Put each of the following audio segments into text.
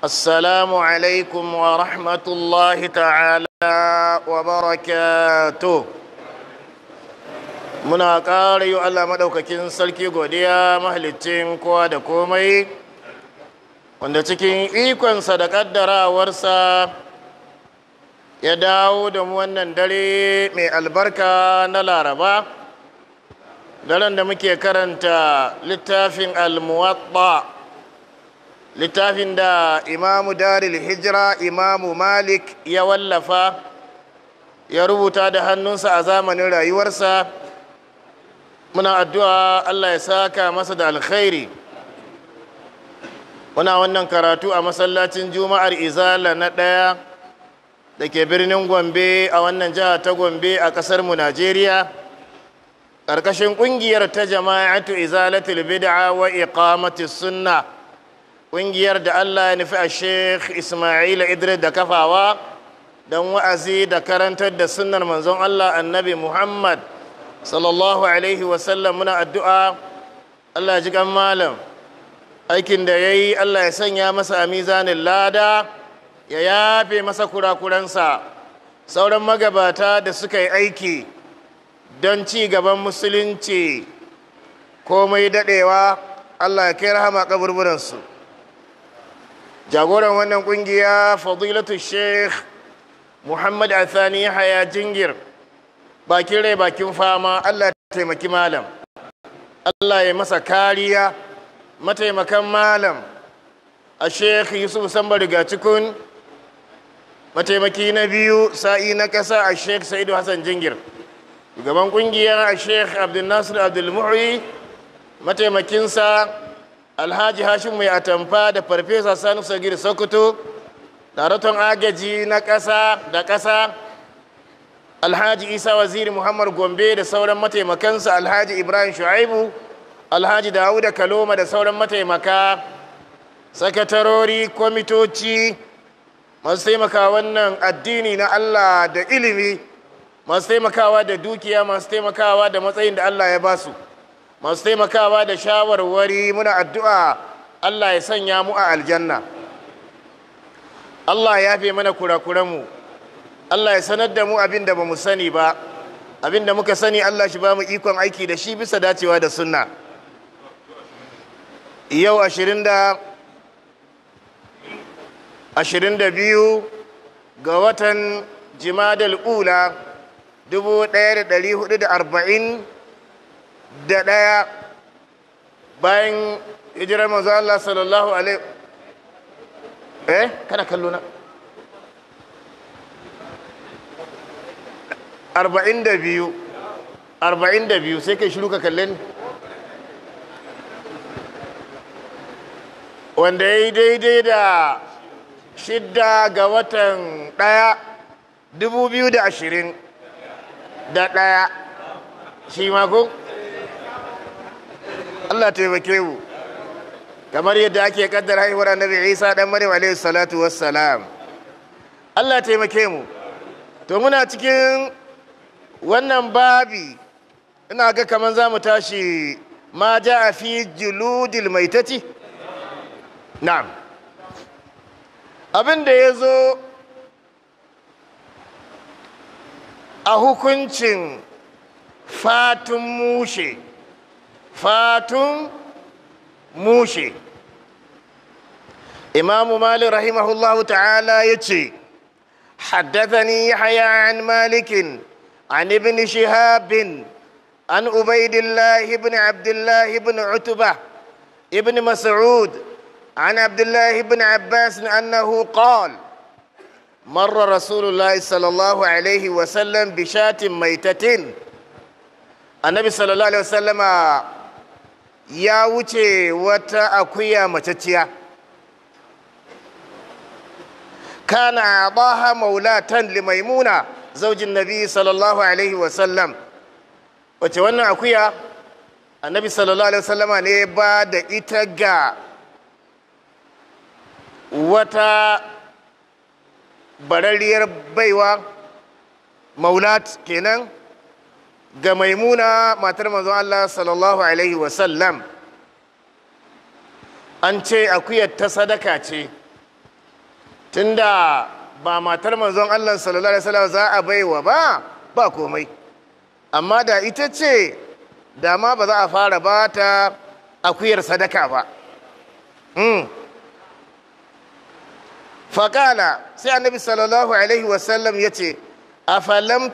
السلام عليكم ورحمة الله تعالى وبركاته muna ƙara yi Allah maɗaukakin sarki godiya mahalicin kowa da komai wanda cikin ikonsa da ƙaddarawarsa ya dawo da mu wannan dare mai albarka na laraba daren da muke karanta littafin almuwatta littafin da imamu daril hijira imamu malik ya wallafa ya rubuta da hannunsa a zamanin rayuwarsa muna addu'a allah ya saka masa da alkhairi muna wannan karatu a masallacin juma'ar izala na ɗaya da ke birnin gombe a wannan jiha ta gombe a ƙasarmu najeriya ƙarƙashin ƙungiyar ta jama'atu izalatul bid'a wa iqamati sunna ƙungiyar da Allah ya nufi a Sheikh Ismail Idris da kafawa don wa'azi da karantar da sunnar manzon Allah annabi Muhammad sallallahu alaihi wasallam muna addu'a Allah ji ƙan malam aikin da ya yi Allah ya sanya masa a mizanin lada ya yafe masa kurakuransa sauran magabata da suka yi aiki don ci gaban musulunci komai daɗewa Allah ya kai rahama kaburburansu jagoran wannan kungiya fadilatu sheikh muhammad athani haya jingir bakin rai bakin fama allah taimaki malam allah ya masa kariya mataimakan malam a sheikh yusuf samba riga mataimaki na biyu sa'i na kasa a sheikh sa'idu hassan jingir gaban kungiyar a sheikh abdulnasir abdulmuhi mataimakinsa alhaji hashim mai atamfa da farfesa sanu sagir sokoto daraton agaji na ƙasa da ƙasa alhaji isa waziri muhammad gombe da sauran mataimakansa alhaji ibrahim shu'aibu alhaji dawuda kaloma da sauran mataimaka sakatarori kwamitoci masu taimaka wannan addini na allah da ilimi masu taimakawa da dukiya masu taimakawa da matsayin da allah ya basu masu taimakawa da shawarwari muna addu'a Allah ya sanya mu a aljanna Allah ya fi mana kurakuranmu Allah ya sanar da mu abin da ba mu sani ba abin da muka sani Allah shi ba mu ikon aiki da shi bisa dacewa da sunna yau ashirin da da biyu ga watan jimadal ula dubu da ɗari huɗu da arba'in da ɗaya bayan hijirar manzo Allah sallallahu alaihi eh kana kallo na arba'in da biyu sai kai shiru ka kalle ni wanda ya yi daidai da shidda ga watan ɗaya dubu biyu da ashirin da ɗaya shi mako Allah taimake mu kamar yadda ake kaddar haihuwar annabi Isa dan Maryam alaihi salatu wassalam Allah taimake mu to muna cikin wannan babi ina ga kaman zamu tashi ma ja fi juludil maitati na'am abin da ya zo a hukuncin fatun mushe فاتم موشي امام malik rahimahullahu ta'ala تعالى ce حدثني يحيى عن مالك عن ابن شهاب عن عبيد الله بن عبد الله بن عتبة ابن مسعود عن عبد الله بن عباس أنه قال مر رسول الله صلى الله عليه وسلم بشاة ميتة النبي صلى الله عليه وسلم ya wuce wata akuya macacciya kana baha maulatan limaimuna zaujin nabi sallallahu alaihi wasallam wace wannan akuya annabi sallallahu alaihi wasallama ne ba da ita ga wata barariyar baiwa maulat kenan ga maimuna matar manzon Allah sallallahu alaihi wasallam an ce akuyar ta sadaka ce tunda ba matar manzon Allah sallallahu alaihi wasallam za a baiwa ba ba komai amma da ita ce da ma ba za a fara ba ta akuyar sadaka ba hmm. faƙala sai annabi sallallahu alaihi wasallam ya ce a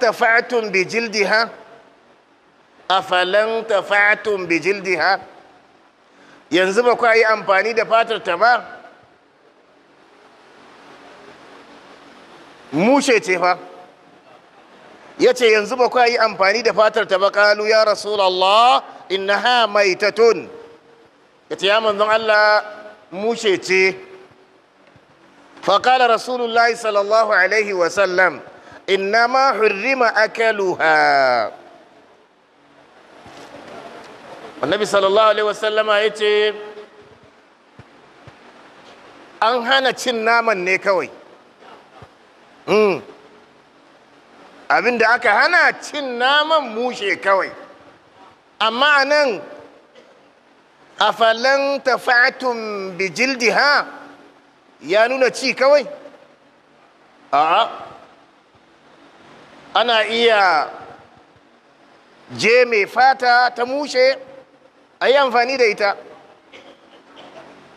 ta fa'atun bi jildi ha? afalan tafatun bi ha? yanzu ba kwa yi amfani da fatar ta ba mushe ce fa ya ce yanzu ba kwa yi amfani da fatar ta ba kalu ya rasulallah Inna ha innaha maitatun ya ce ya manzon Allah mushe ce faƙala rasulullahi sallallahu alaihi wasallam ma hurrima akaluha annabi sallallahu alaihi wasallama ya ce an hana cin naman ne kawai hmm. abinda aka hana cin naman mushe kawai amma nan afalan tafatun bijildi ha? ya nuna ci kawai a'a ana iya je mai fata ta mushe a yi amfani da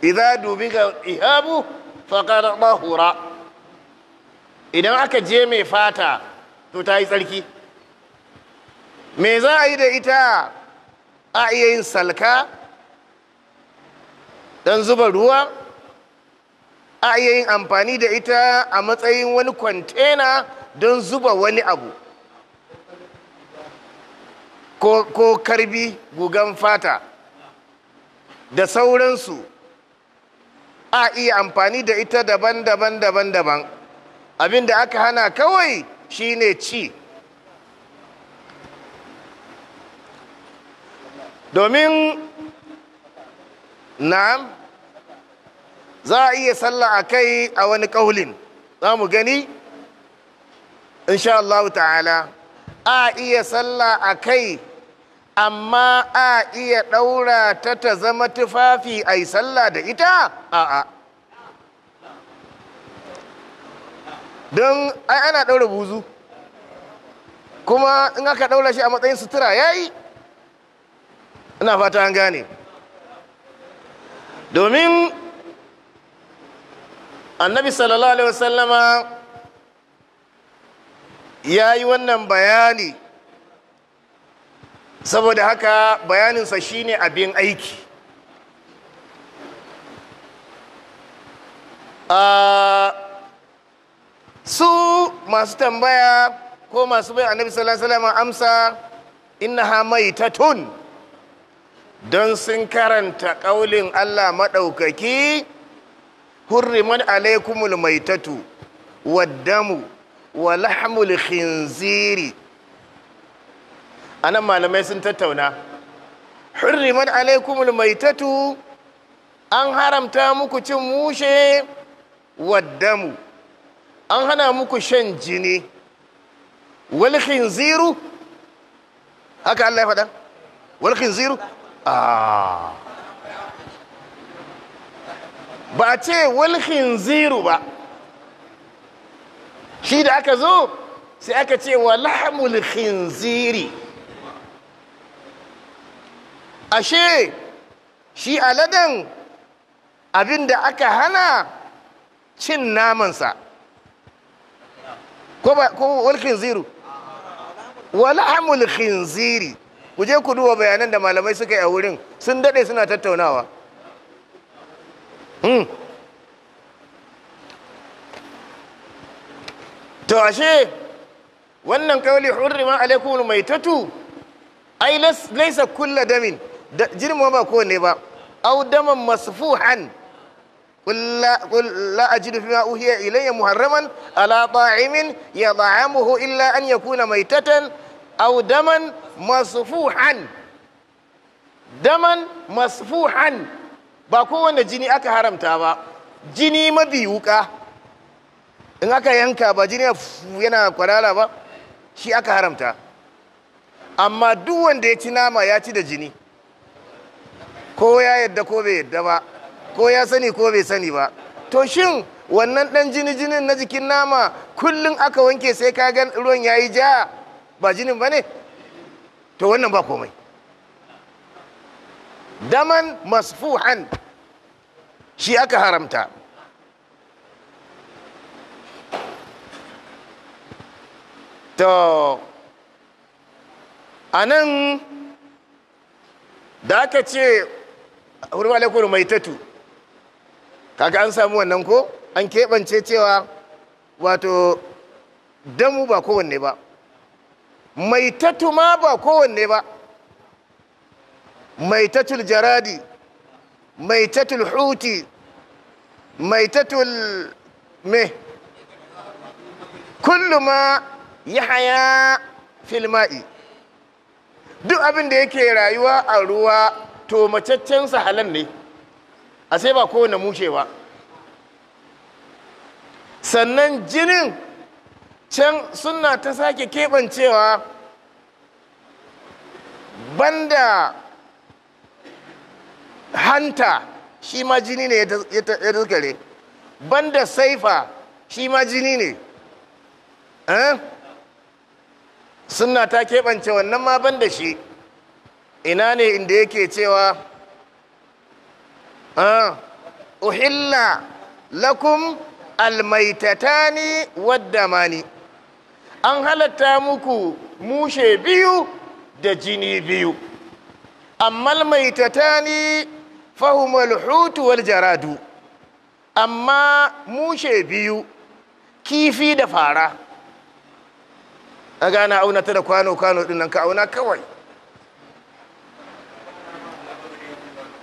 ita dubi ga ihabu faqad hura. idan aka je mai fata to ta yi tsarki me za a yi da ita a iya yin salka don zuba ruwa a iya yin amfani da ita a matsayin wani kwantena don zuba wani abu ko karbi gugan fata da sauransu a iya amfani da ita daban-daban daban-daban abin da aka hana kawai shine ci domin na'am za a iya sallah a kai a wani ƙaulin za mu gani insha Allah ta'ala a iya sallah a kai amma a iya ɗaura ta ta zama tufafi a yi sallah da ita a'a don ai ana ɗaura buzu kuma in aka ɗaura shi a matsayin sutura ya yi ina fata an gane domin annabi sallallahu alaihi wasallama ya yi wannan bayani saboda haka bayaninsa shine abin aiki su masu tambaya ko masu bai annabi sallallahu alaihi amsa innaha maitatun don sun karanta ƙaulin Allah maɗaukaki hurriman alaikumul maitatu waddamu wa lahmul khinziri A nan malamai sun tattauna hurrimat alaikumul maitatu an haramta muku cin mushe waddamu an hana muku shan jini wal khinziru haka Allah ya faɗa wal khinziru ah. ba ce wal khinziru ba shi da aka zo sai aka ce wa lahamul khinziri ashe shi aladen abin da aka hana cin namansa ko walkin ziru walhamul khinziri ku je ku duba bayanan da malamai suka yi a wurin sun dade suna tattaunawa hmm. to ashe wannan kawali hurrima alaikumul maitatu ai laisa kulla damin jirma ba kowane ba au daman masfuhan la ajidu fima uhiya ilayya muharraman ala ta'imin yad'amuhu illa an ya kuna mai maitatan aw daman masfuhan daman masfuhan ba kowane jini aka haramta ba jini mabi wuka in aka yanka ba jini yana kwarara ba shi aka haramta amma duk wanda ya ci nama ya ci da jini ko ya yadda ko bai yadda ba ko ya sani ko bai sani ba to shin wannan dan jini jinin na jikin nama kullum aka wanke sai ka ga ruwan yayi ja ba jinin ba ne to wannan ba komai daman masfuhan shi aka haramta to a da aka ce A hurma mai tatu. kaga an samu wannan ko an keɓance cewa wato damu ba kowanne ba Mai tatu ma ba kowanne ba Mai tatul jaradi Mai tatul huti tatu me kullu ma yahaya haya filma'i. duk abin da yake rayuwa a ruwa to macaccensa sahalan ne a sai ba kowane mushe ba sannan jinin can suna ta sake keɓancewa banda hanta shi ma jini ne ya tuskare banda saifa shi ma jini ne eh? suna ta keɓance wannan ma banda shi ina ne inda yake cewa ah, uhilla lakum almaitatani waddamani an halatta muku mushe biyu da jini biyu amma almaitatani fahimul hutu wal jaradu amma mushe biyu kifi da fara a gana auna ta da kwano-kwano dinnan ka auna kawai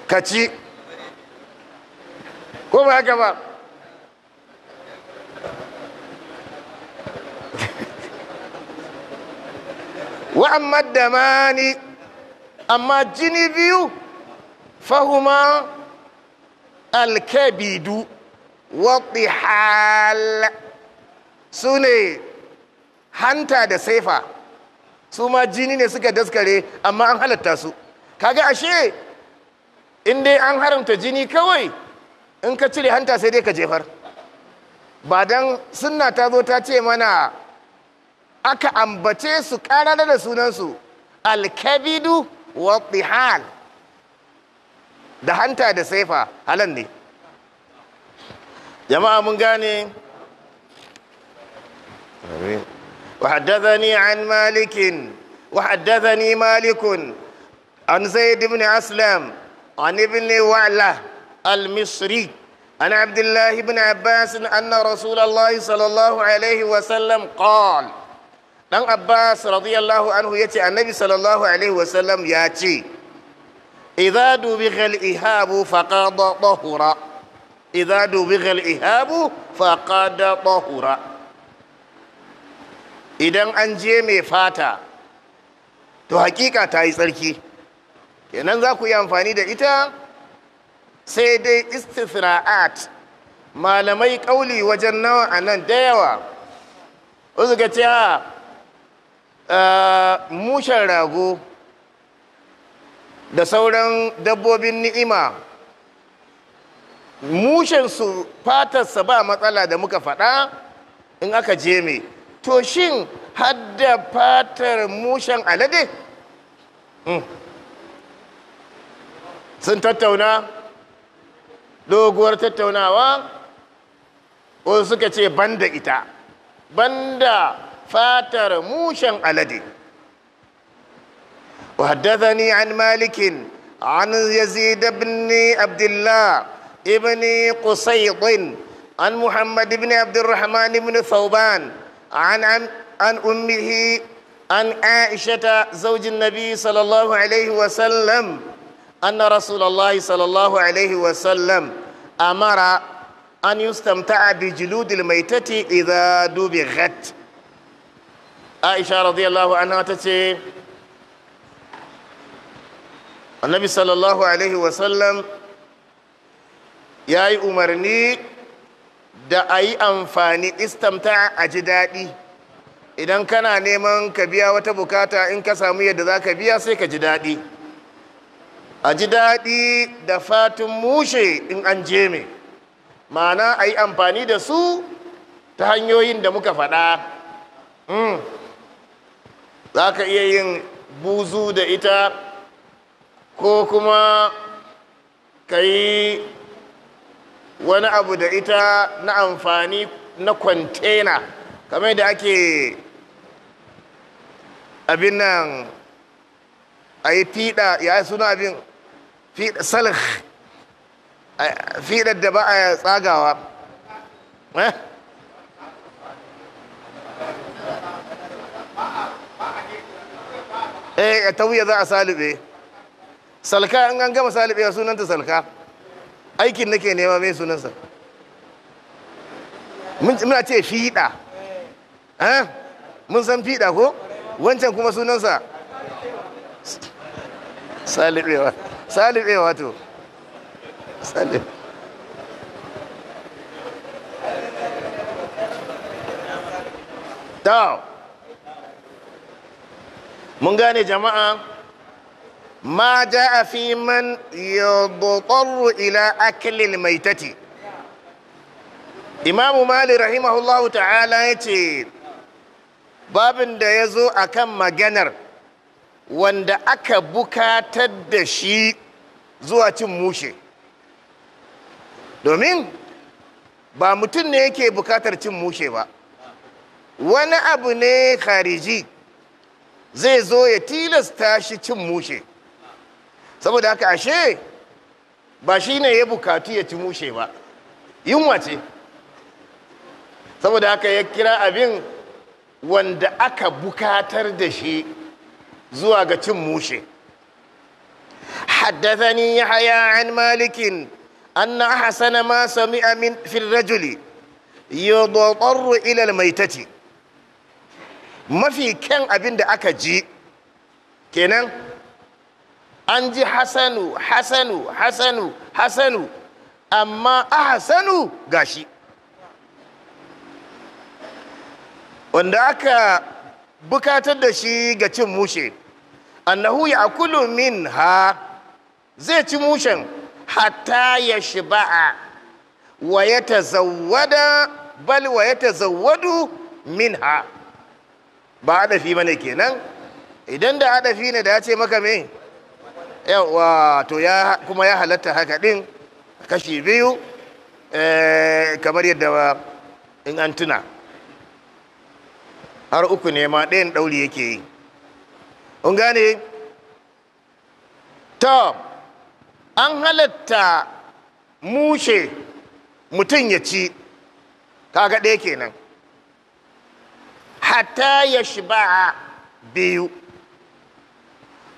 ka ci ko ba haka ba wa'amma da mani amma jini biyu fahuma alkabidu waɗihal su ne hanta da saifa su ma jini ne suka daskare amma an halatta su kaga ashe in dai an haramta jini kawai in ka cire hanta sai dai ka jefar ba don sunna ta zo ta ce mana aka ambace su karar da sunansu alkabidu wa tihal da hanta da saifa halan ne jama'a mun gane وحدثني عن مالك وحدثني مالك عن زيد بن أسلم عن ابن وعلة المصري عن عبد الله بن عباس أن رسول الله صلى الله عليه وسلم قال dan abbas radiyallahu anhu ya ce annabi sallallahu alaihi wasallam ya ce ihabu faqad idan an je mai fata to hakika ta yi tsarki kenan za ku yi amfani da ita sai dai istithra'at malamai kauli wajen nawa a nan da yawa uzuka ce a mushen rago da sauran dabbobin ni'ima mushensu fatarsa ba matsala da muka faɗa in aka je me to shin hadda fatar mushen alade? Hmm. sun tattauna doguwar tattaunawa wasu suka ce banda ita banda fatar mushen alade وحدثني عن مالك عن يزيد بن عبد الله ابن قصيد عن محمد بن عبد الرحمن بن ثوبان عن عن, عن امه عن عائشه زوج النبي صلى الله عليه وسلم أن رسول الله صلى الله عليه وسلم أمر أن يستمتع بجلود الميتة إذا دبغت عائشة رضي الله عنها تتي النبي صلى الله عليه وسلم يا أمرني da a yi amfani istamta a ji daɗi idan kana neman ka biya wata bukata in ka samu yadda za ka biya sai ka ji daɗi a ji daɗi da fatin mushe in an je me ma'ana a yi amfani da su ta hanyoyin da muka faɗa hmm. za ka iya yin buzu da ita ko kuma ka yi wani abu da ita na amfani na kwantena kamar da ake abin nan a yi fiɗa ya yi suna abin fiɗa salih fiɗar da ba a tsagawa eh ta eh, wuya za a salibe salka an gama a sunanta salka aikin nake nema mai sunansa muna ce fiɗa eh? mun san fiɗa ko wancan kuma sunansa salibewa salibewa to to mun gane jama'a ma a fi man yadtarru ila mai maitati imamu mali rahimahullahu ta'ala yace babin da ya zo a kan maganar wanda aka bukatar da shi zuwa cin mushe domin ba mutum ne yake bukatar cin mushe ba wani abu ne khariji zai zo ya tilasta shi cin mushe saboda haka ashe ba shi ne ya bukatu ya ci mushe ba yunwa ce saboda haka ya kira abin wanda aka bukatar da shi zuwa ga cin mushe haddathani yahya an malikin anna hasan ma sami'a min fil rajuli yudhtar ila al maitati mafi kyan abin da aka ji kenan an ji hasanu hasanu hasanu hasanu amma ahsanu gashi wanda aka bukatar da shi ga cin mushe annahu ya kulu min ha zai ci mushen hatta ya shiba'a wa ya tazawwada bal wa ya tazawwadu min ha ba adafi mana kenan idan da adafi ne da ya ce maka me yawa to kuma ya halatta haka din kashi biyu eh, kamar yadda in an tuna har uku ne ma ɗayan ɗauri yake yi un gane ta an halatta mushe mutum ya ci kaga ɗaya kenan hatta ya shi shiba biyu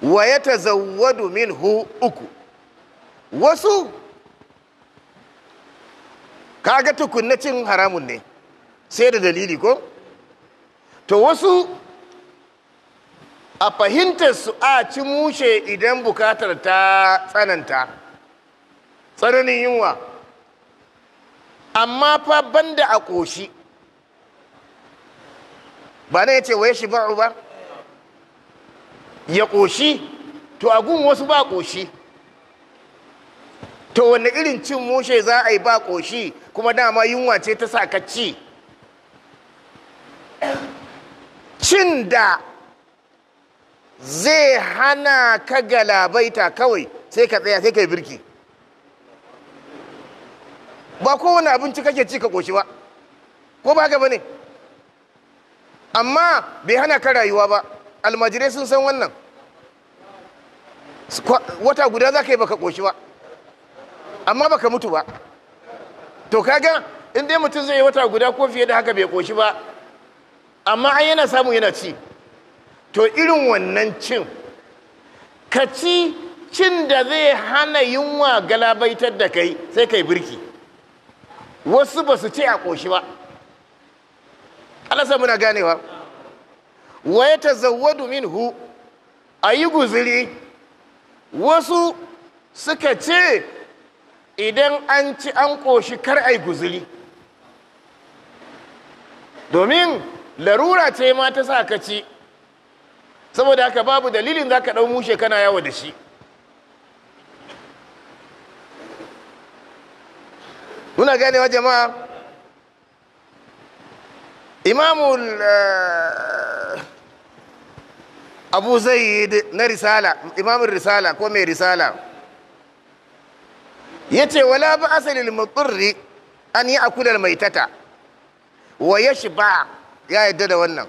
wa ya tazawwadu hu uku wasu kaga tukunnacin haramun ne sai da dalili ko? to wasu a fahimtar su a ci mushe idan bukatar ta tsananta tsananin yunwa amma fa banda a ƙoshi ba na ya ce waye shi ba'u ba ya ƙoshi to a gun wasu ba ƙoshi to wani irin cin mushe za a yi ba ƙoshi kuma dama yunwa ce ta sakacci cin da zai hana ka galabaita kawai sai ka tsaya sai ka yi birki ba kowane abinci kake ci ka koshi ba ko ba gaba ne amma bai hana ka rayuwa ba almajirai sun san wannan wata guda za ka yi baka koshi ba amma baka mutu ba to kaga in dai mutum zai yi wata guda ko fiye da haka bai koshi ba amma an yana samu yana ci to irin wannan cin ka ci cin da zai hana yunwa galabaitar da kai sai kai birki wasu ba su ce a ƙoshi ba alasa muna ganewa wa ya tazawwadu hu a yi guziri wasu suka ce idan an ci an ƙoshi kar a yi guziri domin larura ce ma ta sa ka ci saboda haka babu dalilin za ka ɗau mushe kana yawo da shi muna ganewa jama'a imamu eh, abu yi na risala imamin risala ko mai risala ya ce wala ba asalin mutsurri an yi akular maitata wa ya shi ba ya yadda da wannan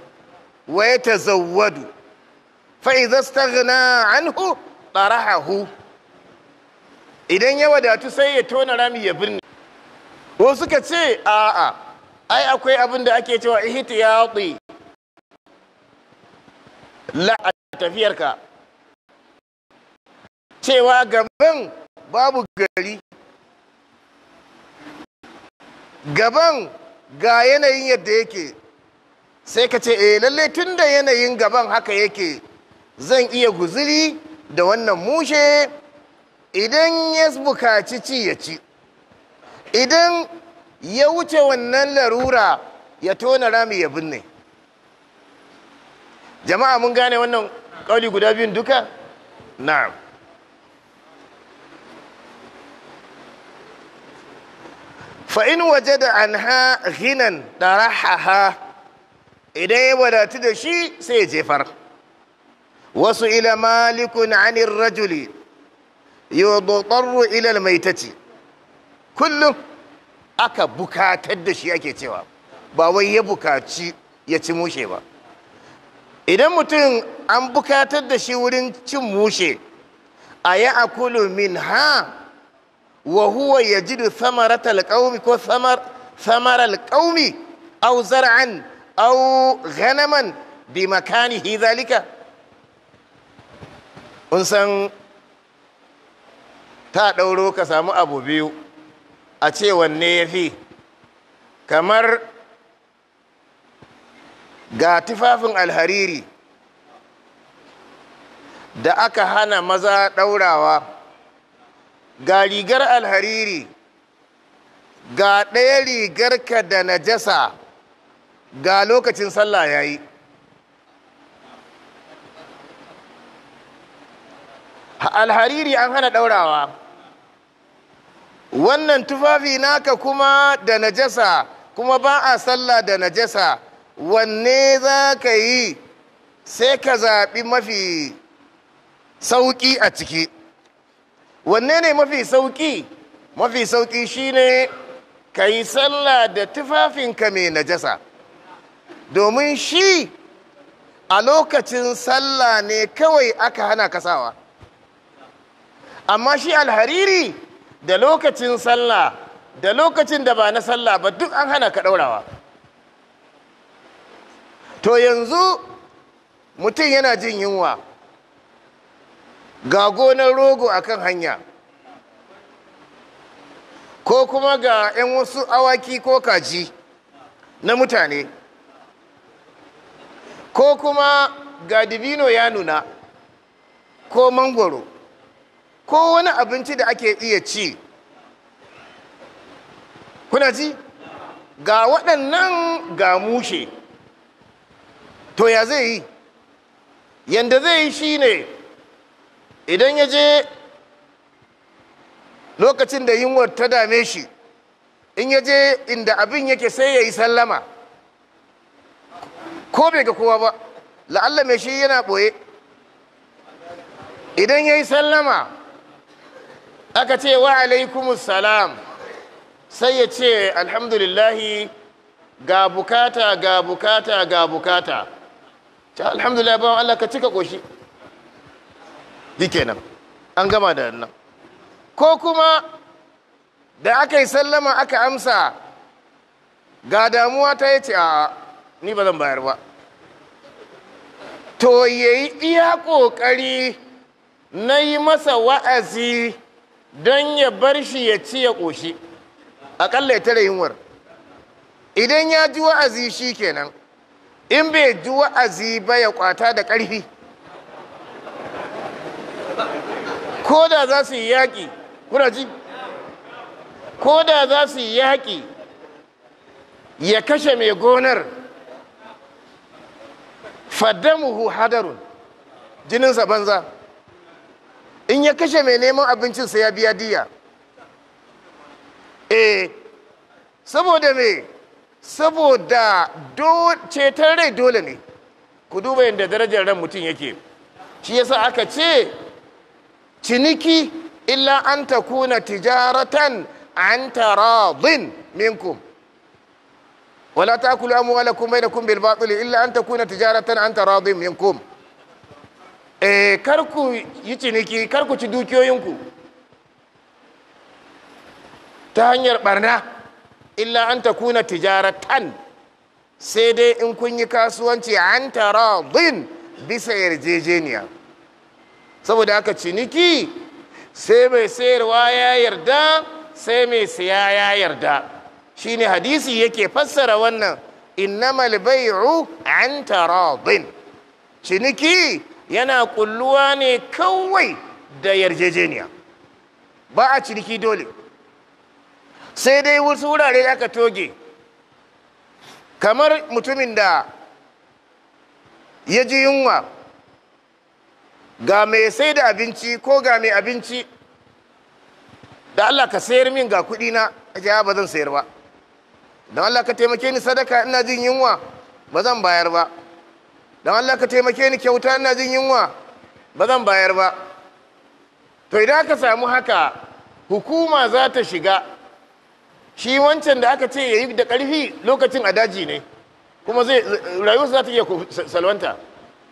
wa ya tazawwadu fa idza staghna anhu hu. idan ya wadatu sai ya tona rami ya birni ko suka ce a'a ai akwai abin da ake cewa ihtiyati la a tafiyarka cewa gaban babu gari gaban ga yanayin yadda yake sai ka ce eh lalle tun da yanayin gaban haka yake zan iya guziri da wannan mushe idan ya bukaci ci ya ci idan ya wuce wannan larura ya tona rami ya binne jama'a mun gane wannan kauli guda biyun duka na'am fa in da anha ghinan darahaha idan ya wadatu da shi sai ya jefar wasu ila malikun anir rajuli yudutarru ila almaitati kullum aka bukatar da shi ake cewa ba wai ya bukaci ya ci mushe ba idan mutum an bukatar da shi wurin cin mushe a ya akulu min ha wa huwa ji samaratal qaumi ko samar samaral an. zar'an aw ghanaman bi makanihi zalika kun san ta ɗauro ka samu abu biyu a ce wanne ya fi kamar ga tufafin alhariri da aka hana maza ɗaurawa ga rigar alhariri ga ɗaya rigarka da najasa ga lokacin sallah ya yi alhariri an hana ɗaurawa wannan tufafi naka kuma da najasa kuma ba a sallah da najasa wanne za ka yi sai ka zaɓi mafi sauƙi a ciki wanne ne mafi sauƙi mafi sauƙi shine ka yi sallah da tufafinka mai najasa domin shi a lokacin sallah ne kawai aka hana kasawa amma shi alhariri da lokacin sallah da lokacin da ba na sallah ba duk an hana ka ɗaurawa to yanzu mutum yana jin yunwa ga gonar rogo akan hanya ko kuma ga 'yan wasu awaki ko kaji na mutane ko kuma ga divino ya nuna ko mangoro ko wani abinci da ake iya ci kuna ji ga waɗannan ga mushe to ya zai yi yadda zai yi shi ne. idan ya je lokacin da yunwar ta dame shi in ya je inda abin yake sai ya yi sallama ko bai ga kowa ba la'alla mai shi yana ɓoye idan ya yi sallama aka ce wa alaikumussalam salam sai ya ce alhamdulillahi ga bukata ga bukata ga bukata ta alhamdulillah bawan Allah ka cika ƙoshi dikenan an gama da nan ko kuma da aka yi sallama aka amsa ga damuwa ta yace a ni ba zan bayar ba to ya yi iya ƙoƙari na yi masa wa'azi don ya bar shi ya ci ya ƙoshi aƙalla ya tara yunwar idan ya ji wa'azi shi kenan in bai ji wa'azi ba ya kwata da ƙarfi ko da za su yi yaƙi kuna ko da za su yi yaƙi ya kashe mai gonar faddamuhu hadarun jininsa banza in ya kashe mai neman abincinsa ya biya diya eh saboda me saboda ceton rai dole ne ku duba yadda darajar ran mutum yake shi yasa aka ce ciniki illa an takuna tijaratan an taradin minkum wala تاكلوا اموالكم بينكم بالباطل الا illa an تجاره tijaratan an منكم eh kar ku yi ciniki kar ku ci dukiyoyinku ta hanyar barna illa an ta kuna tijaratan sai dai in kun yi kasuwanci an taradin bisa yarjejeniya saboda haka ciniki sai mai sayarwa ya yarda sai mai siya ya yarda shine hadisi yake fassara wannan innamal bai'u an taradin ciniki yana kulluwa ne kawai da yarjejeniya ba a ciniki dole sai dai wasu wurare aka toge kamar mutumin da ya ji yunwa ga mai sai da abinci ko ga mai abinci da Allah ka sayar min ga kudina a ba zan sayar ba don Allah ka taimake ni sadaka ina jin yunwa ba zan bayar ba don Allah ka taimake ni kyauta ina jin yunwa ba zan bayar ba to idan aka samu haka hukuma za ta shiga shi wancan da aka ce ya yi da ƙarfi lokacin a daji ne kuma zai rayuwarsa za ta iya salwanta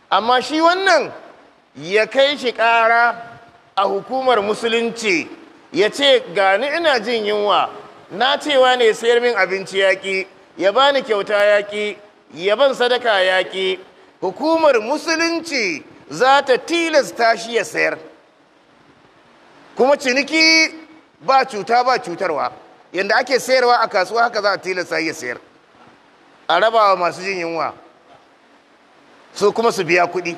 amma shi wannan ya kai shi ƙara a hukumar musulunci ya ce gani ina jin yunwa na cewa ne sayar min abinci yaƙi ya bani kyauta yaƙi ya ban sadaka yaƙi hukumar musulunci za ta tilasta shi ya sayar kuma ciniki ba cuta ba cutarwa yadda ake sayarwa a kasuwa haka za a tilasta ya sayar a rabawa masu jin yunwa su kuma su biya kuɗi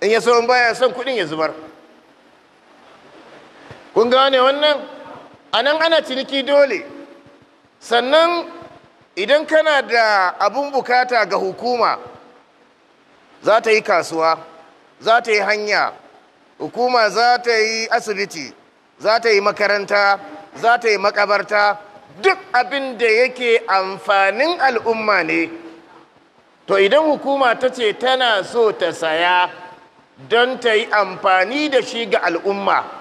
in ya so baya son kuɗin ya zubar kun gane wannan a nan ana ciniki dole sannan idan kana da abun bukata ga hukuma za ta yi kasuwa za ta yi hanya hukuma za ta yi asibiti za ta yi makaranta za ta yi makabarta duk abin da yake amfanin al'umma ne to idan hukuma ta ce tana so ta saya don ta yi amfani da shi ga al'umma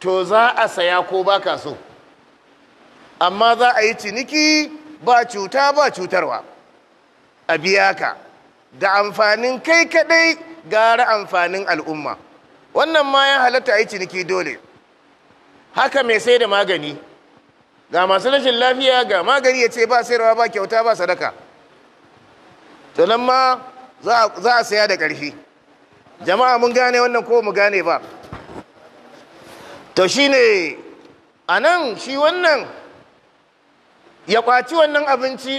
to za a saya ko ba ka so amma za a yi ciniki ba cuta ba cutarwa a biya ka da amfanin kai kadai gara amfanin al'umma wannan ma ya halatta a yi ciniki dole haka mai sai da magani ga masu rashin lafiya ga magani ya ce ba sayarwa ba kyauta ba sadaka to ma za a saya da ƙarfi jama'a mun gane wannan ko mu gane ba to ne. a nan shi wannan ya kwaci wannan abinci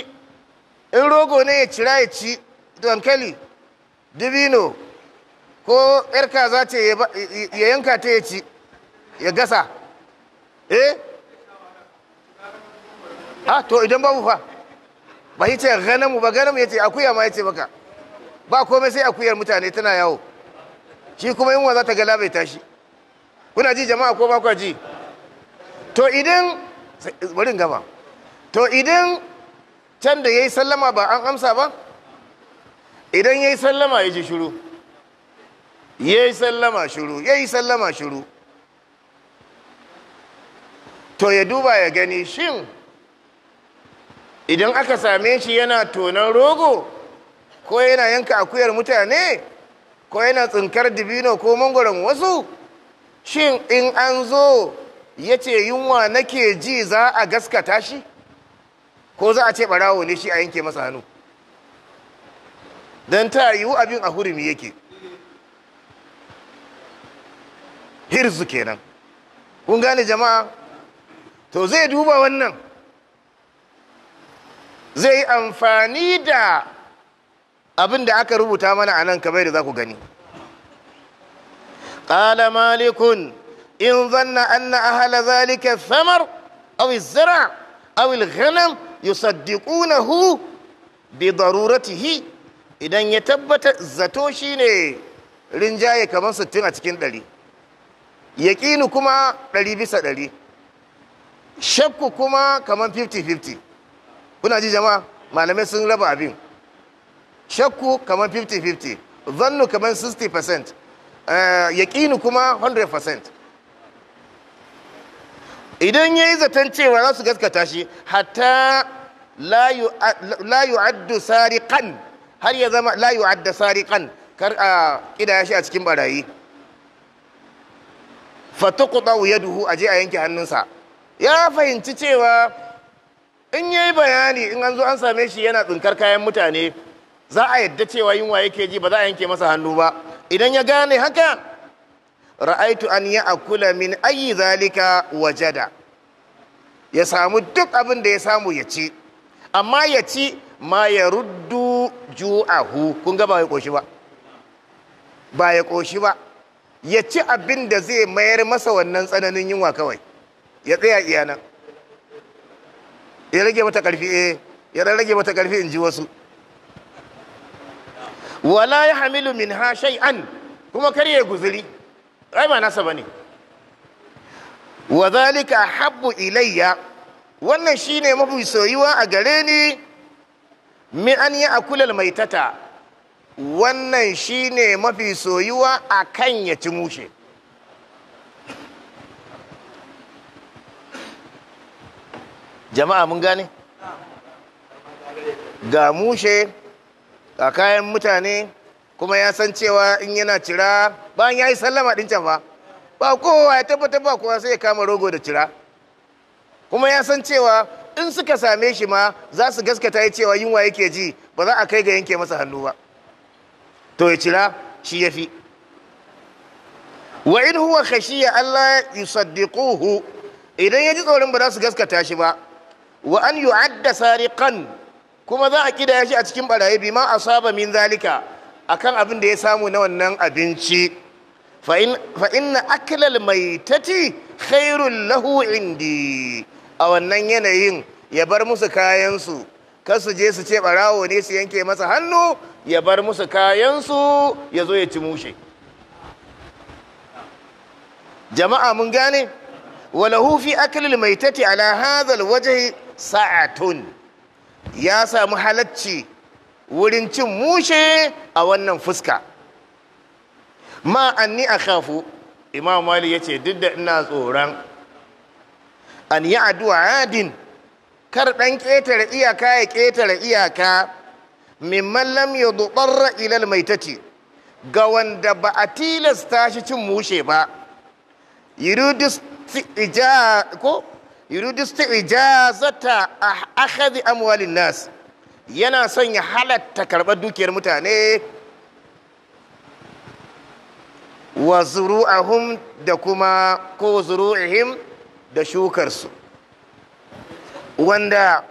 in rogo ne ya cira ya ci dankali dibino ko yar za ce ya yanka ta ya ci ya gasa eh ha to idan babu fa ba yi ce ganamu ba ganamu ya ce akuya ma ya ce baka ba komai sai akuyar mutane tana yawo shi kuma yunwa za ta bai tashi. kuna ji jama'a ko ba kwa ji to idan bari gaba to idan can da yayi sallama ba an amsa ba idan yayi sallama ya ji shiru yayi sallama shiru yayi sallama shiru to ya duba ya gani shin idan aka same shi yana tonon rogo ko yana yanka akuyar mutane ko yana tsinkar dibino ko mangoron wasu shin in an zo ya ce yunwa nake ji za a gaskata shi ko za a ce barawo ne shi a yanke masa hannu don ta yiwu abin a hurumi yake hirzu kenan kun gane jama'a to zai duba wannan zai amfani da abin da aka rubuta mana a nan kamar da za ku gani قال مالك إن ظن أن أهل ذلك الثمر أو الزرع أو الغنم يصدقونه بضرورته idan ya tabbata zato shine rinjaye kamar 60 a cikin 100 yaƙini kuma 100 bisa 100 shakku kuma 50-50 kuna ji jama'a malamai sun raba abin shakku kamar 50-50 zannu kamar 60% Eh, yaƙini kuma 100% idan ya yi zaton cewa za su gaskata shi hatta la addu sariqan har ya zama la yu'adda sariqan kar a kidaya shi a cikin barayi kuɗa ya duhu a je a yanke hannunsa ya fahimci cewa in ya yi bayani in an zo an same shi yana tsinkar kayan mutane za a yadda cewa yunwa yake ji ba za a yanke masa hannu ba idan ya gane haka ra'aitu an yi akula min ayi zalika wajada ya samu duk abin da ya samu ya ci amma ya ci ma ya ruddu ju'ahu kun ga ba ya koshi ba ba ya koshi ba ya ci abin da zai mayar masa wannan tsananin yunwa kawai ya tsaya iyanan ya rage mata karfi eh. ya rage mata karfi in ji wasu wala ya hamilu min ha shay'an kuma kar ya guzuri ai ba nasa bane wa zalika habbu ilayya wannan shine mafi soyuwa a gare ni mi an yi akulal maitata wannan shine mafi soyuwa a kan ya ci mushe jama'a mun gane ga mushe ga kayan mutane kuma ya san cewa in yana cira bayan ya yi sallama ɗin can ba ba kowa ya tabbata ba kowa sai ya kama rogo da cira kuma ya san cewa in suka same shi ma za su gaskata ya cewa yunwa yake ji ba za a kai ga yanke masa hannu ba to ya cira shi ya fi wa in huwa khashiya Allah yusaddiquhu idan ya ji tsoron ba za su gaskata shi ba wa an yu'adda sariqan kuma za a kidaya shi a cikin barayi bi ma asaba min zalika akan abin da ya samu na wannan abinci fa inna aklal maitati khairul lahu indi a wannan yanayin ya bar musu kayansu kar su je su ce barawo ne su yanke masa hannu ya bar musu kayansu ya zo ya ci mushe jama'a mun gane walahu fi aklil maitati ala hadha alwajhi sa'atun ya samu halacci wurin cin mushe a wannan fuska ma anni a kafu imam mali ya ce duk da ina tsoron an yi addu'a adin kar ɗan ƙetare iyaka ya ƙetare iyaka min mallam ya dubarra ilal mai tati. ga wanda ba a tilasta shi cin mushe ba ija ko yuridu ijazata ah-, akhadhi amwalin nas yana son ya halatta karɓar dukiyar mutane wa zuru'ahum da kuma ko zuru'ihim da shukarsu wanda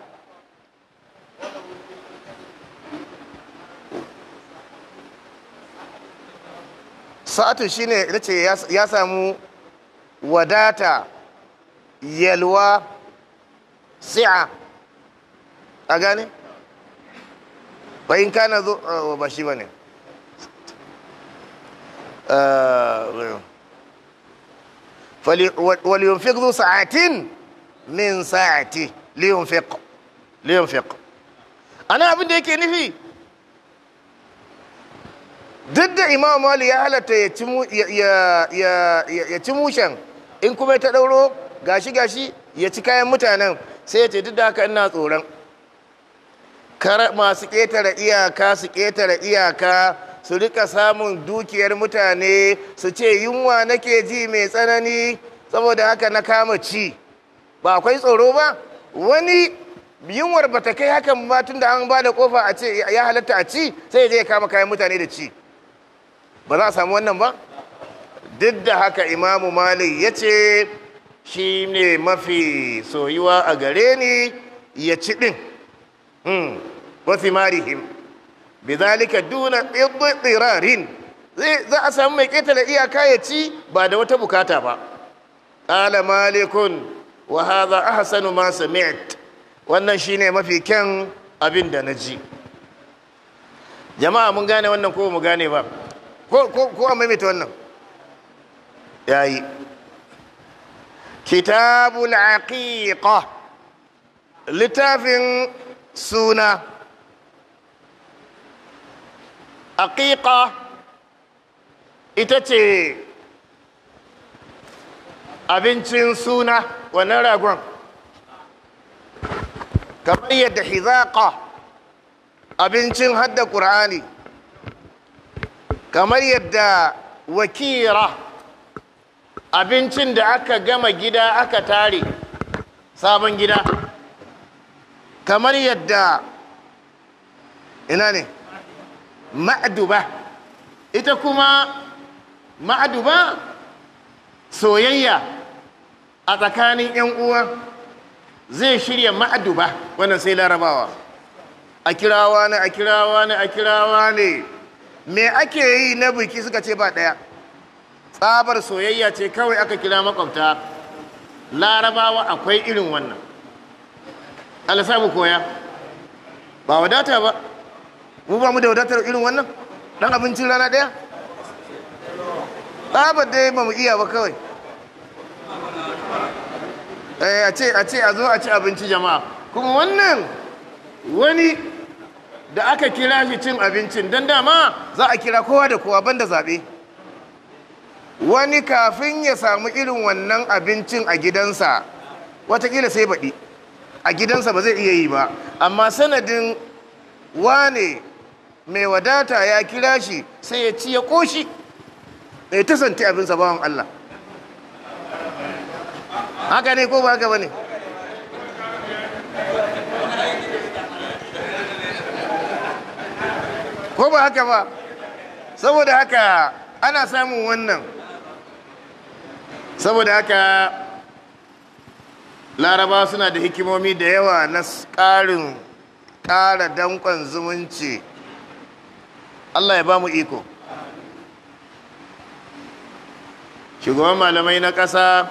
sa'atu shine ce ya samu wadata yalwa si'a a gane bayin kana zo ba shi ba ne ولينفق ذو ساعة من ساعته liyun لينفق ana abin da yake nufi duk da imam mali ya halatta ya ci mushen in kuma ta ɗauro gashi gashi ya ci kayan mutanen sai ya ce duk da haka ina tsoron kar masu ƙetare iyaka su ƙetare iyaka su rika samun dukiyar mutane su ce yunwa nake ji mai tsanani saboda haka na kama ci ba akwai tsoro ba wani yunwar ba ta kai hakan ba tun da an bada kofa a ce ya halatta a ci sai je ya kama kayan mutane da ci ba za a samu wannan ba duk da haka imamu malik ya ce shi ne mafi soyuwa a gare ni ya ci ɗin hmm. wasu marihim bi zalika duna tsirarin za a samu mai ƙetare iyaka ya ci ba da wata bukata ba ƙala malikun wa haza ahsanu ma sami'at wannan shine mafi kyan abin da na ji jama'a mun gane wannan ko mu gane ba ko a maimaita wannan yayi kitabul aqiqa littafin suna aqiqa ita ce abincin suna wannan ragon kamar yadda Hizaƙa abincin hadda ƙur'ani kamar yadda wakira abincin da aka gama gida aka tare sabon gida kamar yadda ina ne ma'aduba ita kuma ma'aduba soyayya a tsakanin 'yan uwa zai shirya ma'aduba wannan sai larabawa a kirawa ne a kirawa ne a kirawa ne me ake yi na buki suka ce ba ɗaya tsabar soyayya ce kawai aka kira makwabta larabawa akwai irin wannan alisabu koya ba wadata ba mu ba mu da wadatar irin wannan dan abincin rana daya tsabar dai ba mu iya ba kawai eh, a ce a ce a zo a ci abinci jama'a kuma wannan wani da aka kira shi cin abincin don dama za a kira kowa da kowa banda zaɓe wani kafin ya samu irin wannan abincin a gidansa watakila sai baɗi a gidansa ba zai iya yi ba amma sanadin wane mai wadata ya kira shi sai ya ci ya ƙoshi ya ta santi abinsa Allah haka ne ko ba haka ba ne ko ba haka ba saboda haka ana samun wannan saboda haka laraba suna da hikimomi da yawa na karin kara dankon zumunci allah ya ba mu iko shugaban malamai na ƙasa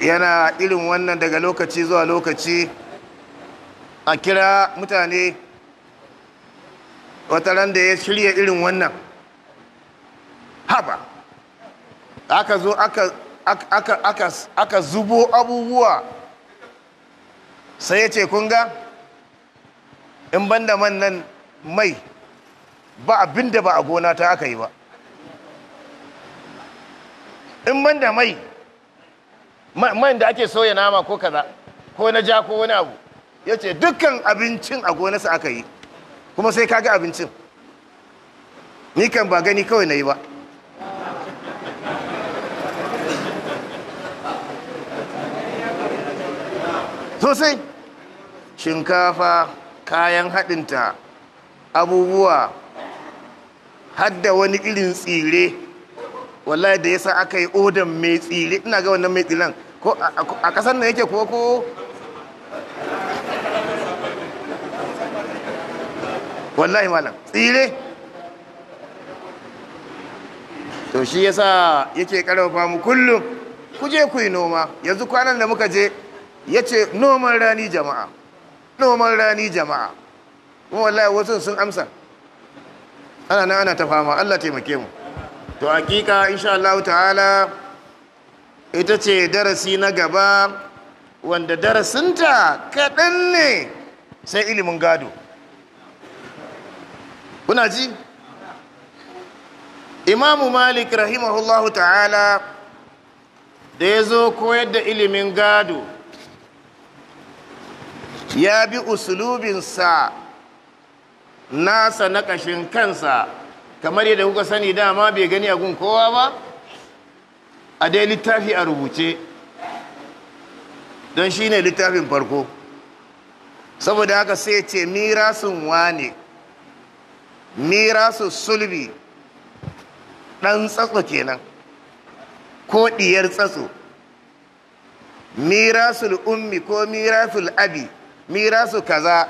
yana irin wannan daga lokaci zuwa lokaci a kira mutane wataran da ya shirya irin wannan haba aka zo aka zubo abubuwa sai ya ce kunga in banda man nan mai ba abin da ba a gona ta aka yi ba in banda mai man da ake soya nama ko kaza ko na ja ko wani abu ya ce dukkan abincin a gonarsa aka yi kuma sai kaga abincin ni kan ba gani kawai na yi ba sosai shinkafa kayan haɗinta abubuwa hadda wani irin tsire wallahi da yasa aka yi odan mai tsire ina ga wannan mai tsiren ko a ƙasar nan yake koko ko wallahi malam tsire to shi yasa yake karfafa mu kullum ku je ku yi noma yanzu kwanan da muka je ya ce noman rani jama'a noman rani jama'a kuma wallahi wasu sun amsa ana na ana ta fama Allah taimake mu to hakika insha Allah ta'ala ita ce darasi na gaba wanda darasinta kaɗan ne sai ilimin gado kuna ji imamu malik rahimahullahu ta'ala da ya zo koyar da ilimin gado ya bi usulubinsa nasa na ƙashin kansa kamar yadda kuka sani dama bai gani a gun kowa ba a dai littafi a rubuce don shi ne littafin farko saboda haka sai ce mirasun wane mirasun sulbi ɗan tsatso kenan ko ɗiyar tsatso mirasul ummi ko mirasul abi mirasu kaza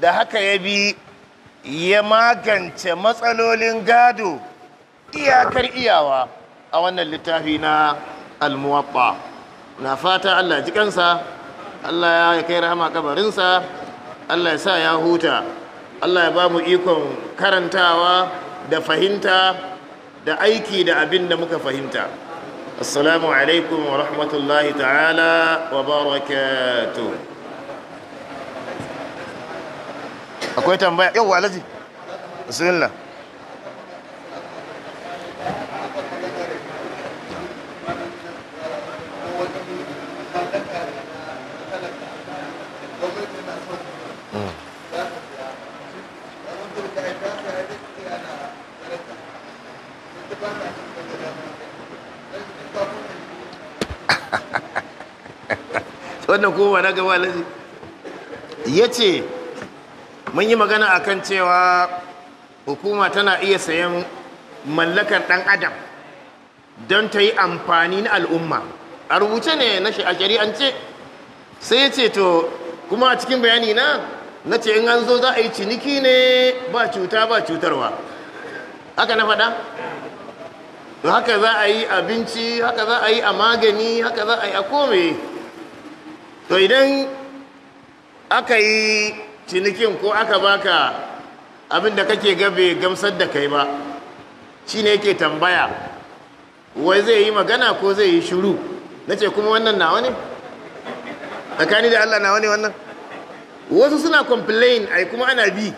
da haka ya bi ya magance matsalolin gado iyakar iyawa a wannan littafi na almuwaɓa na fata allah ji kansa allah ya kai rahama kabarinsa allah ya sa ya huta allah ya ba mu ikon karantawa da fahimta da aiki da abin da muka fahimta assalamu alaikum wa rahmatullahi ta'ala wa barakatuh akwai tambaya yau alaji bismillah wannan kuma na gaba alaji ya ce mun yi magana kan cewa hukuma tana iya sayan mallakar ɗan adam don ta yi amfani na al'umma a rubuce ne na a ce sai ya ce to kuma a cikin bayani na na ce in an zo za a yi ciniki ne ba cuta ba cutarwa haka na faɗa to haka za a yi abinci haka za a yi a magani haka za a yi a kome to idan aka yi cinikin ko aka baka abin da kake gabe gamsar da kai ba shi ne yake tambaya wai zai yi magana ko zai yi shuru na ce kuma wannan nawa ne tsakani da allah nawa ne wannan wasu suna complain ai kuma ana bi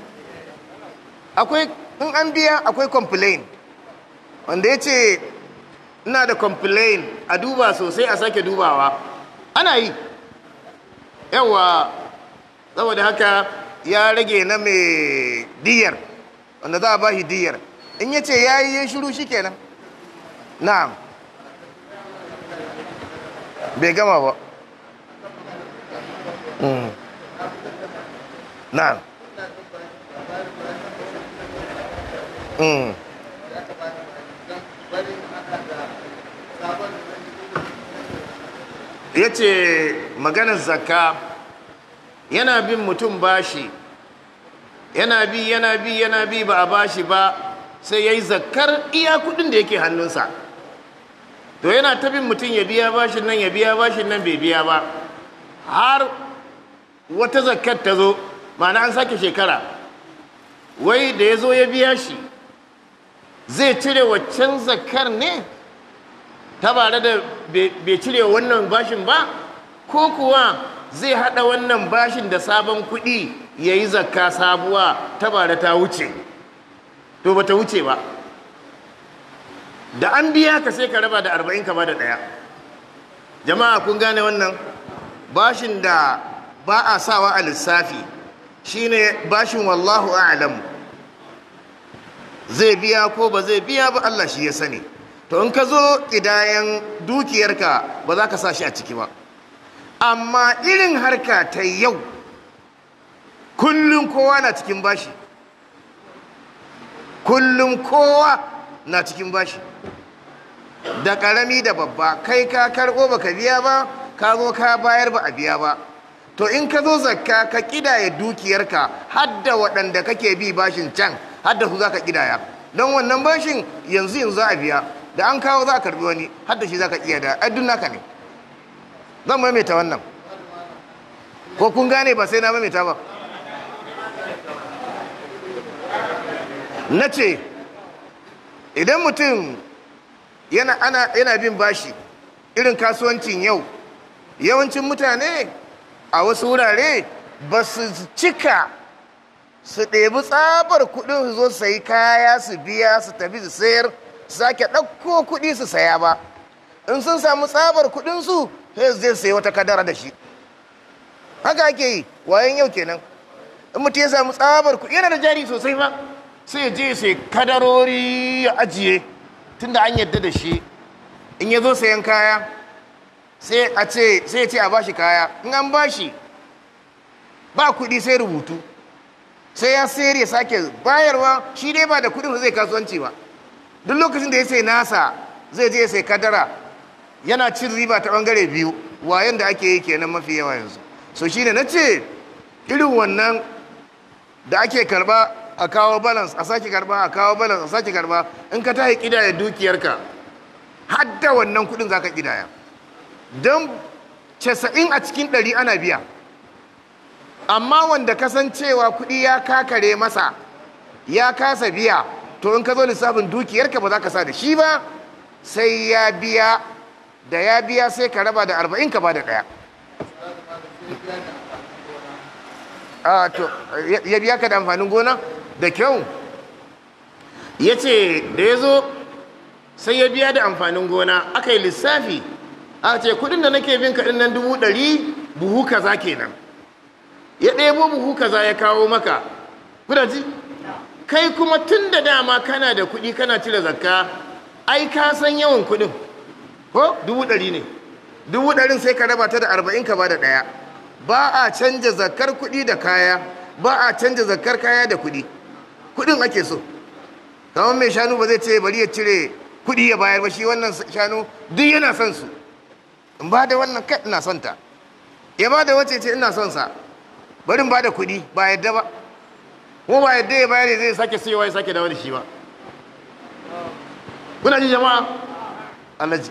akwai in an biya akwai complain wanda ya ce ina da complain a duba sosai a sake dubawa ana yi yawa saboda haka ya rage na mai diyar wanda za a ba shi diyar in ya ce ya yi ya shuru shi kenan na'am bai gama ba hmm. na'am hmm. ya ce maganar zakka yana bin mutum bashi yana bi yana bi yana bi ba a bashi ba sai ya yi zakar iya kudin da yake hannunsa to yana ta bin mutum ya biya bashin nan ya biya bashin nan bai biya ba har wata zakar ta zo ma'ana an sake shekara wai da ya zo ya biya shi zai cire waccan zakar ne ta bare da bai cire wannan bashin ba ko kuwa zai hada wannan bashin da sabon kuɗi ya yi zakka sabuwa ta ba da ta wuce to ba ta wuce ba da an biya ka sai ka raba da arba'in ka ba da ɗaya jama'a kun gane wannan bashin da ba a sawa a lissafi shine bashin wallahu a'lam zai biya ko ba zai biya ba Allah shi ya sani to in ka zo ƙidayen dukiyarka ba za ka sa shi a ciki ba amma irin harka ta yau kullum kowa na cikin bashi kullum kowa na cikin bashi da ƙarami da babba kai ka karɓo ba ka biya ba ka zo ka bayar ba a biya ba to in ka zo zakka ka ƙidaya dukiyarka hadda waɗanda kake bi bashin can hadda su za ka ƙidaya don wannan bashin yanzu yanzu a biya da an kawo za a karɓi wani hadda shi za ka iya da duk naka ne zan maimaita wannan ko kun gane ba sai na maimaita ba na ce idan mutum yana bin bashi irin kasuwancin yau yawancin mutane a wasu wurare ba su cika su ɗebi tsabar kuɗin su zo sayi kaya su biya su tafi su sayar sake ɗauko kuɗi su saya ba in sun samu tsabar kuɗinsu sai zai sai wata kadara da shi haka ake yi wayan yau kenan in mutum ya samu tsabar kuɗi yana da jari sosai ba sai ya je sai kadarori ya ajiye tunda an yadda da shi in ya zo sayan kaya sai a ce ce a bashi kaya in an bashi ba kuɗi sai rubutu sai ya sayar ya sake bayarwa shi dai ba da kuɗin zai kasuwanci ba duk lokacin da ya sai nasa zai je ya sai kadara yana cin riba ta bangare biyu wayan da ake yi kenan mafi yawa yanzu so ne na ce irin wannan da ake karba a kawo balance a sake karba a kawo balance a sake karba in ka tahi kidaya dukiyarka hadda wannan kudin ka kidaya don casa'in a cikin ɗari ana biya amma wanda kasancewa kuɗi ya kakare masa ya kasa biya to in ka zo lissafin dukiyarka ba za ka sa da shi ba sai ya biya da ya biya sai ka raba da arba'in ka ba da ɗaya ya biya ka da amfanin gona da kyau ya ce da ya zo sai ya biya da amfanin gona aka yi lissafi a ce kudin da nake bin kaɗin nan dubu ɗari buhu kaza kenan ya ɗebo buhu kaza ya kawo maka kudaji kai kuma tun da dama kana da kuɗi kana cire zakka ai ka san yawan kuɗin ko dubu ɗari ne dubu ɗarin sai ka raba ta da arba'in ka ba da ɗaya ba a canja zakar kuɗi da kaya ba a canja zakar kaya da kuɗi kuɗin ake so kamar mai shanu ba zai ce bari ya cire kuɗi ya bayar ba shi wannan shanu duk yana son su in ba da wannan kai ina son ta ya ba da wacce ce ina son sa bari in ba da kuɗi ba yadda ba ko ba yadda ya bayar zai sake sayowa ya sake dawo da shi ba kuna ji jama'a alaji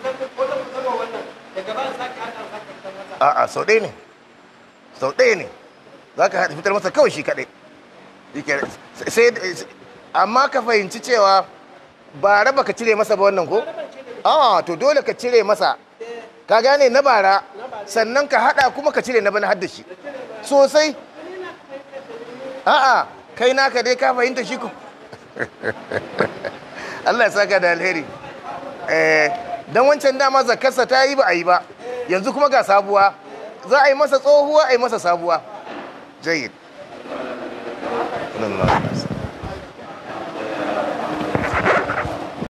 a'a sau ɗaya ne sau ɗaya ne za ka haɗa fitar masa kawai shi kaɗai amma ka fahimci cewa ba raba ka cire masa ba wannan ko A'a to dole ka cire masa ka gane na bara sannan ka haɗa kuma ka cire na bana hadda shi sosai a'a kai naka dai ka fahimta shi ku Allah ya saka da alheri eh don wancan dama zakarsa ta yi ba a yi ba yanzu kuma ga sabuwa za a yi masa tsohuwa a yi masa sabuwa jayid